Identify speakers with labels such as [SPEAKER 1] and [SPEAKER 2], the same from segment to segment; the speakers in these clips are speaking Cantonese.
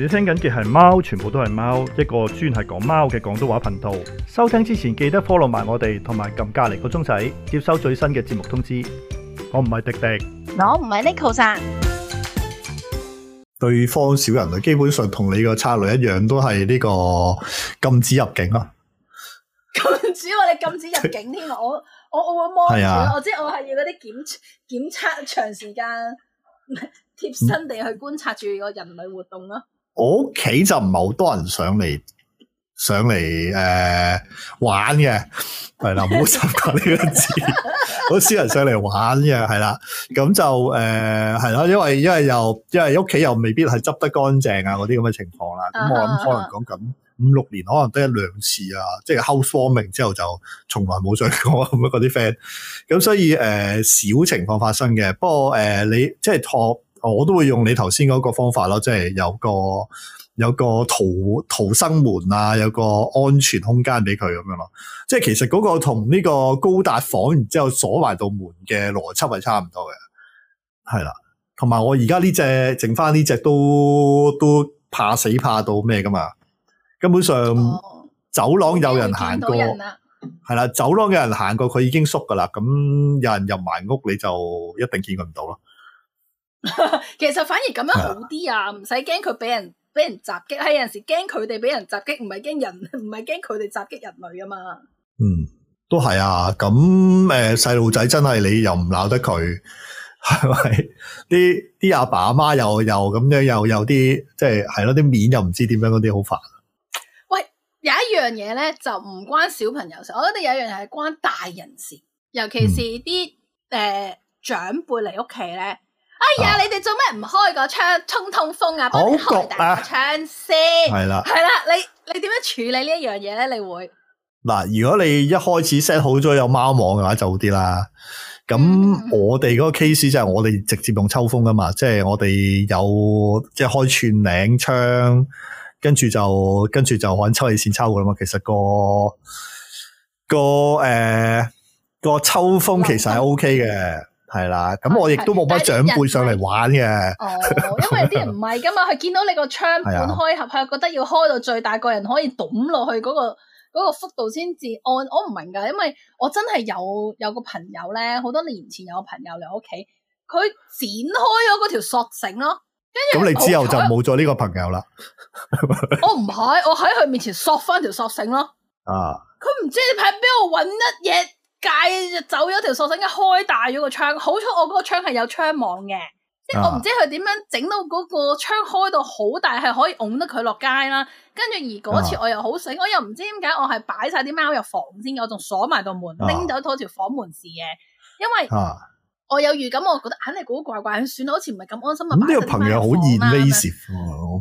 [SPEAKER 1] 你聽緊嘅係貓，全部都係貓，一個專係講貓嘅廣東話頻道。收聽之前記得 follow 埋我哋，同埋撳隔籬個鐘仔，接收最新嘅節目通知。我唔係迪迪，
[SPEAKER 2] 我唔係 Neko 啊。
[SPEAKER 1] 對方小人類基本上同你個策略一樣，都係呢個禁止入境咯、啊。
[SPEAKER 2] 禁止我哋禁止入境添啊！我我我會摸一，我，我，、啊、我知我係要嗰啲檢檢測長時間貼身地去觀察住個人類活動咯、啊。
[SPEAKER 1] 我屋企就唔係好多人上嚟上嚟誒、呃、玩嘅，係 啦，唔好習慣呢個字，好 少人上嚟玩嘅，係啦，咁就誒係咯，因為因為又因為屋企又未必係執得乾淨啊，嗰啲咁嘅情況啦。咁、啊、我諗可能講緊五六年可能得一兩次啊，即、就、係、是、housewarming 之後就從來冇再講咁嗰啲 friend。咁所以誒少、呃、情況發生嘅，不過誒、呃、你即係托。我都會用你頭先嗰個方法咯，即係有個有個逃逃生門啊，有個安全空間俾佢咁樣咯。即係其實嗰個同呢個高達房然之後鎖埋道門嘅邏輯係差唔多嘅，係啦。同埋我而家呢只剩翻呢隻都都怕死怕到咩噶嘛？根本上走廊有人行過，係啦，哦，走廊有人行過，佢已經縮噶啦。咁有人入埋屋，你就一定見佢唔到咯。
[SPEAKER 2] 其實反而咁樣好啲啊，唔使驚佢俾人俾人襲擊，喺有陣時驚佢哋俾人襲擊，唔係驚人，唔係驚佢哋襲擊人類啊嘛。嗯，
[SPEAKER 1] 都係啊，咁誒細路仔真係你又唔鬧得佢，係咪？啲啲阿爸阿媽又又咁樣，又有啲 即係係咯，啲面又唔知點樣嗰啲好煩。
[SPEAKER 2] 喂，有一樣嘢咧就唔關小朋友事，我覺得有一樣嘢係關大人事，尤其是啲誒、嗯呃、長輩嚟屋企咧。哎呀，啊、你哋做咩唔開個窗通通風啊？幫啲空氣大個窗先，係啦，係、啊、啦的、啊，你你點樣處理呢一樣嘢咧？你會
[SPEAKER 1] 嗱，如果你一開始 set 好咗有貓網嘅話就好啲啦。咁、嗯、我哋嗰個 case 就係我哋直接用抽風噶嘛，即係、嗯、我哋有即係、即係、開串領窗，跟住就跟住就揾抽氣扇抽噶嘛。其實、嗰個、嗰個誒個抽風其實係 OK 嘅。嗯係啦，咁我亦都冇乜長輩上嚟玩嘅。哦，因為啲人
[SPEAKER 2] 唔係噶嘛，佢見到你個窗門開合，佢的覺得要開到最大個人可以揼落去嗰、嗰個嗰個幅度先至按。我唔明噶，因為我真係有有個朋友咧，好多年前有個朋友嚟我屋企，佢剪開咗嗰條索繩咯。跟住咁你之後就冇
[SPEAKER 1] 咗呢個朋友啦。
[SPEAKER 2] 我唔係，我喺佢面前索翻條索繩咯。
[SPEAKER 1] 啊！
[SPEAKER 2] 佢唔知你喺邊度揾乜嘢？解走咗條索繩，一開大咗個窗，好彩我嗰個窗係有窗網嘅。即、啊、因為我唔知佢點樣整到嗰個窗開到好大，係可以㧬得佢落街啦。跟住而嗰次我又好醒，啊、我又唔知點解我係擺晒啲貓入房先，我仲鎖埋道門，拎走咗條房門匙嘅，因為。啊啊我有預感，我覺得肯定古怪怪，算啦，好似唔係咁安心啊。呢個朋友
[SPEAKER 1] 好 intensive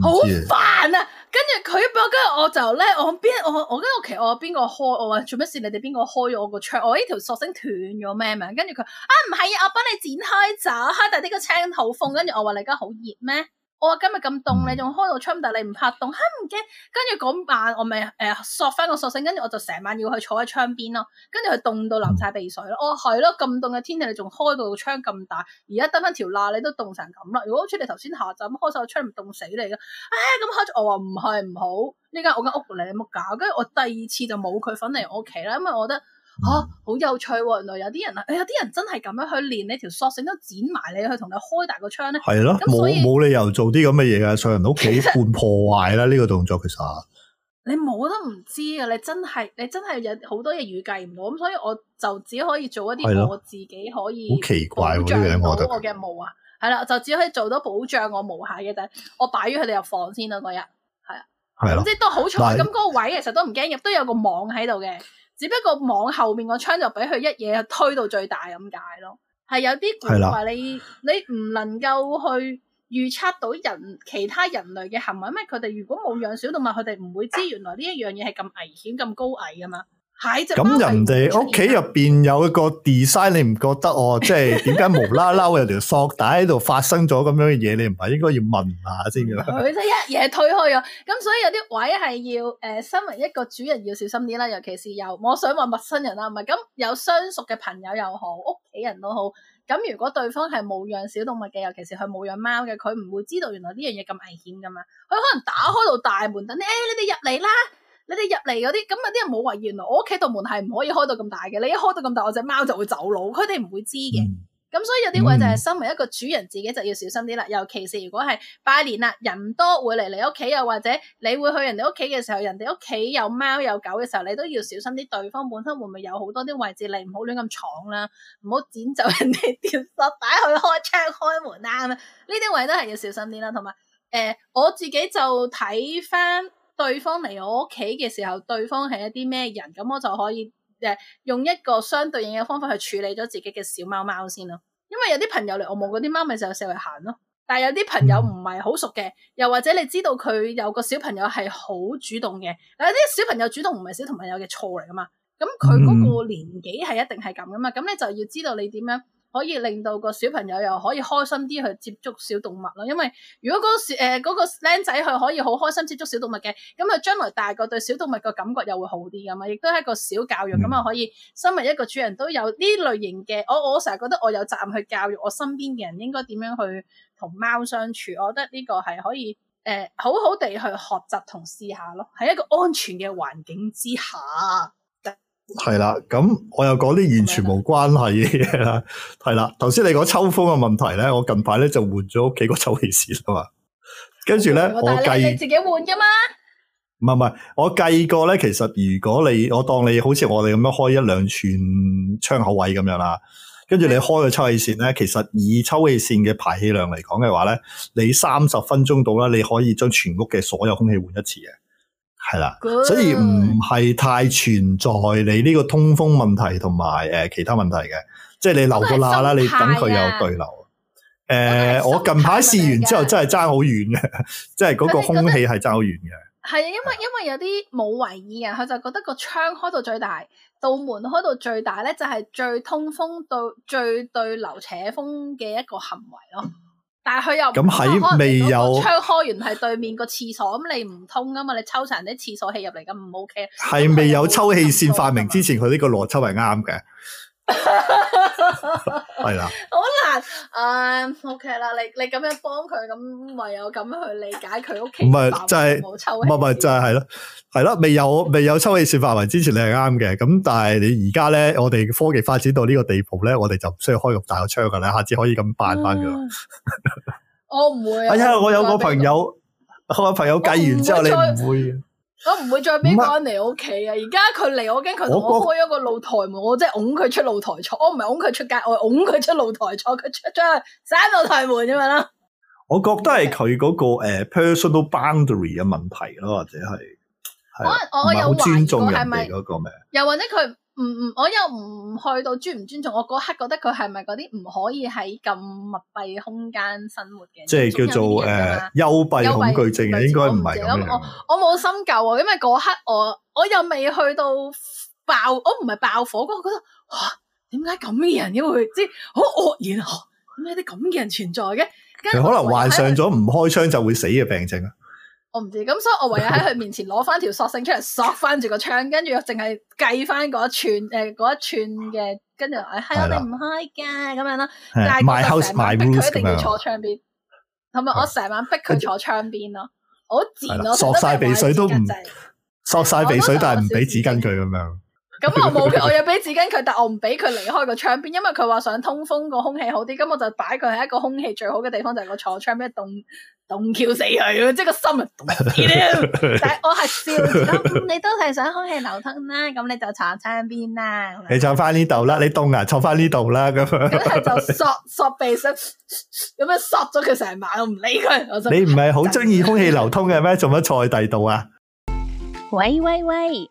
[SPEAKER 1] 好
[SPEAKER 2] 煩啊！跟住佢，跟住我，啊、我，我就咧，我邊我我跟住我其我邊個開，開我話做乜事？你哋邊個開咗我個窗？我呢條索繩斷咗咩？咪跟住佢啊，唔係啊，我幫你剪開走，但呢個青好縫，跟住我話你而家好熱咩？我話今日咁凍，你仲開到窗，但係你唔怕凍，吓唔驚？跟住嗰晚我咪誒、呃、索翻個索性，跟住我就成晚要去坐喺窗邊咯，跟住佢凍到流晒鼻水咯。哦，係咯，咁凍嘅天氣，你仲開到窗咁大，而家得翻條罅，你都凍成咁啦。如果好似你頭先下晝咁開晒個窗，咪凍死你嘅。唉、哎，咁開咗我話唔係唔好呢間我間屋嚟，你冇搞。跟住我第二次就冇佢翻嚟我屋企啦，因為我覺得。吓，好有趣喎！原來有啲人啊，有啲人真係咁樣去練，你條索繩都剪埋你去同你開大個窗咧，係咯，冇冇
[SPEAKER 1] 理由做啲咁嘅嘢嘅，上人屋企半破壞啦呢個動作其實。
[SPEAKER 2] 你冇都唔知啊！你真係你真係有好多嘢預計唔到，咁所以我就只可以做一啲我自己可以。好奇
[SPEAKER 1] 怪喎！我覺得。保障到我
[SPEAKER 2] 嘅毛啊，係啦，就只可以做到保障我毛下嘅就，我擺咗佢哋入房先啦嗰日，係啊，係咯，即係都好彩咁嗰個位其實都唔驚入，都有個網喺度嘅。只不過往後面個窗就俾佢一嘢推到最大咁解咯，係有啲話你的你唔能夠去預測到人其他人類嘅行為咪，佢哋如果冇養小動物，佢哋唔會知原來呢一樣嘢係咁危險咁高危噶嘛。咁人哋屋企
[SPEAKER 1] 入邊有一個 design，你唔覺得 哦？即係點解無啦啦有條索帶喺度發生咗咁樣嘅嘢？你唔係應該要問下先嘅啦。佢
[SPEAKER 2] 就一嘢推開咗，咁所以有啲位係要誒、呃，身為一個主人要小心啲啦，尤其是有我想話陌生人啦，唔係咁有相熟嘅朋友又好，屋企人都好。咁如果對方係冇養小動物嘅，尤其是佢冇養貓嘅，佢唔會知道原來呢樣嘢咁危險噶嘛。佢可能打開到大門等你，誒、hey，你哋入嚟啦。你哋入嚟嗰啲，咁有啲人冇話，原來我屋企度門係唔可以開到咁大嘅，你一開到咁大，我隻貓就會走佬，佢哋唔會知嘅。咁所以有啲位就係身為一個主人，自己就要小心啲啦。尤其是如果係拜年啦，人多會嚟你屋企，又或者你會去人哋屋企嘅時候，人哋屋企有貓有狗嘅時候，你都要小心啲，對方本身會唔會有好多啲位置，你唔好亂咁闖啦，唔好剪走人哋吊索帶去開窗開門啦，啊。咁呢啲位都係要小心啲啦。同埋，誒、呃，我自己就睇翻。對方嚟我屋企嘅時候，對方係一啲咩人，咁我就可以誒、呃、用一個相對應嘅方法去處理咗自己嘅小貓貓先咯。因為有啲朋友嚟我屋嗰啲貓咪就成日行咯，但係有啲朋友唔係好熟嘅，又或者你知道佢有個小朋友係好主動嘅，但係啲小朋友主動唔係小同朋友嘅錯嚟㗎嘛，咁佢嗰個年紀係一定係咁㗎嘛，咁你就要知道你點樣。可以令到個小朋友又可以開心啲去接觸小動物咯，因為如果嗰時誒、嗰個僆仔佢可以好開心接觸小動物嘅，咁啊將來大個對小動物個感覺又會好啲㗎嘛，亦都係一個小教育咁啊、嗯、可以身為一個主人都有呢類型嘅，我我成日覺得我有責任去教育我身邊嘅人應該點樣去同貓相處，我覺得呢個係可以誒、呃、好好地去學習同試下咯，喺一個安全嘅環境之下。
[SPEAKER 1] 係啦，咁我又講啲完全冇關係嘅嘢啦。係啦，頭先你講抽風嘅問題咧，我近排咧就換咗屋企個抽氣扇啊嘛。跟住咧，我計，但你，你
[SPEAKER 2] 自己換噶嘛？
[SPEAKER 1] 唔係唔係，我計過咧，其實如果你我當你好似我哋咁樣開一兩吋窗口位咁樣啦，跟住你開個抽氣扇咧，其實以抽氣扇嘅排氣量嚟講嘅話咧，你三十分鐘到啦，你可以將全屋嘅所有空氣換一次嘅。係啦，Good. 所以唔係太存在你呢個通風問題同埋誒其他問題嘅，即係你留個罅啦，你等佢有對流。誒、呃，我近排試完之後真係差好遠嘅， 即係嗰個空氣係差好遠嘅。
[SPEAKER 2] 係啊，因為因為有啲冇為意嘅人，佢就覺得個窗開到最大，道門開到最大咧，就係最通風對最對流扯風嘅一個行為咯。但係佢又咁喺未有窗開完係對面個廁所，咁 你唔通啊嘛？你抽曬啲廁所氣入嚟咁唔 OK。
[SPEAKER 1] 係未有抽氣扇發明之前，佢呢個邏輯係啱嘅。 係啦，好 的 難
[SPEAKER 2] 誒，O K 啦，你你咁樣幫佢，咁唯有咁樣
[SPEAKER 1] 去理解佢屋企。唔係就係、是，唔係唔係就係係咯，係咯，未有未有抽氣扇範圍之前你，你係啱嘅。咁但係你而家咧，我哋科技發展到呢個地步咧，我哋就唔需要開咁大個窗噶啦，下次可以咁辦翻噶。嗯、
[SPEAKER 2] 我唔會。哎呀，我有，我有個朋友，
[SPEAKER 1] 我有，我有朋友計完之後，你唔不會。
[SPEAKER 2] 我唔會再俾個人嚟屋企啊！而家佢嚟，我驚佢同我開咗個露台門，我即係拱佢出露台坐。我唔係拱佢出街，我拱佢出露台坐，佢出咗去閂露台門咁樣啦。
[SPEAKER 1] 我覺得係佢嗰個誒 personal boundary 嘅問題咯，或者係
[SPEAKER 2] 係啊，唔係好尊重人哋嗰個咩？又或者佢？唔唔、嗯，我又唔去到尊唔尊重，我嗰刻覺得佢係咪嗰啲唔可以喺咁密閉空間生活嘅？即係叫做誒、嗯呃、幽閉恐懼
[SPEAKER 1] 症，懼症應該唔係咁。我
[SPEAKER 2] 我冇深究。因為嗰刻我我又未去到爆，我唔係爆火，我覺得：啊「哇，點解咁嘅人會即係好愕然啊，點解啲咁嘅人存在嘅？佢可能
[SPEAKER 1] 患上咗唔開窗就會死嘅病症啊！
[SPEAKER 2] 我唔知咁，所以我唯有喺佢面前攞翻條索性出嚟索翻住個窗，跟住淨係計翻嗰一串誒一串嘅，跟住誒係我哋唔開嘅咁樣啦。但係佢就成晚逼佢一定要坐窗邊，噉咪我成晚逼佢坐窗邊咯。我自然我索晒鼻水都唔
[SPEAKER 1] 索晒鼻水，但係唔俾紙巾佢咁樣。
[SPEAKER 2] 咁我冇佢，我有俾紙巾佢，但我唔俾佢離開個窗邊，因為佢話想通風個空氣好啲，咁我就擺佢喺一個空氣最好嘅地方，就係我坐窗邊，凍凍翹死佢，即係個心啊凍死啦！ 但
[SPEAKER 1] 係我
[SPEAKER 2] 係笑、嗯，你都係想空氣流通啦，咁你就坐窗邊啦。
[SPEAKER 1] 你坐翻呢度啦，你凍牙坐翻呢度啦，咁樣。咁就索
[SPEAKER 2] 索鼻息，咁樣索咗佢成晚，我唔理佢。你唔係
[SPEAKER 1] 好中意空氣流通嘅咩？做乜 坐喺第二度啊？
[SPEAKER 2] 喂喂喂！